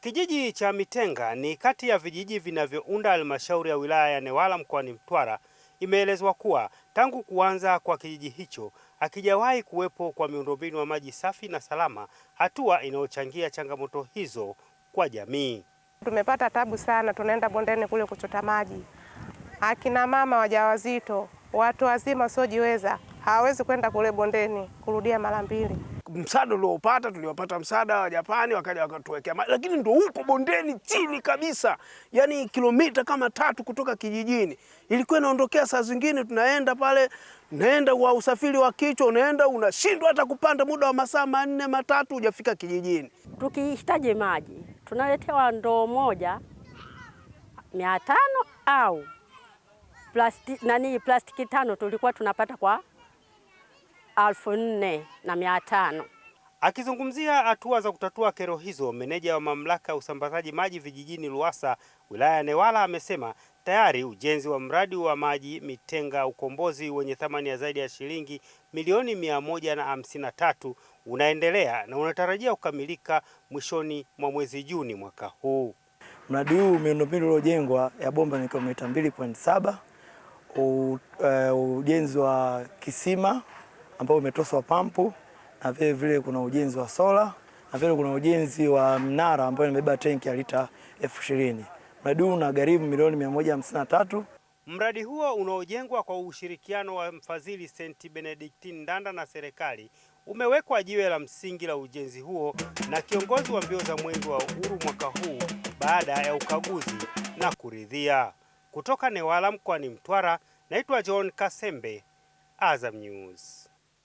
Kijiji cha Mitenga ni kati ya vijiji vinavyounda halmashauri ya wilaya ya Newala mkoani Mtwara. Imeelezwa kuwa tangu kuanza kwa kijiji hicho hakijawahi kuwepo kwa miundombinu ya maji safi na salama, hatua inayochangia changamoto hizo kwa jamii. Tumepata tabu sana, tunaenda bondeni kule kuchota maji. Akina mama wajawazito, watu wazima wasiojiweza hawawezi kwenda kule bondeni kurudia mara mbili msaada uliopata, tuliopata msaada wa Japani wakaja wakatuwekea, lakini ndo huko bondeni chini kabisa, yani kilomita kama tatu kutoka kijijini. Ilikuwa inaondokea saa zingine tunaenda pale, naenda wa usafiri wa kichwa, unaenda unashindwa hata kupanda, muda wa masaa manne matatu hujafika kijijini. Tukihitaji maji tunaletewa ndoo moja mia tano au plastiki, nani plastiki tano tulikuwa tunapata kwa elfu nne na mia tano. Akizungumzia hatua za kutatua kero hizo, meneja wa mamlaka ya usambazaji maji vijijini Luwasa wilaya ya Newala amesema tayari ujenzi wa mradi wa maji Mitenga Ukombozi wenye thamani ya zaidi ya shilingi milioni mia moja na hamsini na tatu unaendelea na unatarajia kukamilika mwishoni mwa mwezi Juni mwaka huu. Mradi huu miundombinu uliojengwa ya bomba ni kilomita 2.7, eh, ujenzi wa kisima ambao umetoswa pampu na vile vile kuna ujenzi wa sola na vile kuna ujenzi wa mnara ambao imebeba tenki ya lita elfu ishirini. Mradi huu una gharimu milioni 153. Mradi huo unaojengwa kwa ushirikiano wa mfadhili St. Benedictine Ndanda na serikali umewekwa jiwe la msingi la ujenzi huo na kiongozi wa mbio za Mwenge wa Uhuru mwaka huu baada ya ukaguzi na kuridhia. Kutoka Newala mkoani Mtwara, naitwa John Kasembe, Azam News.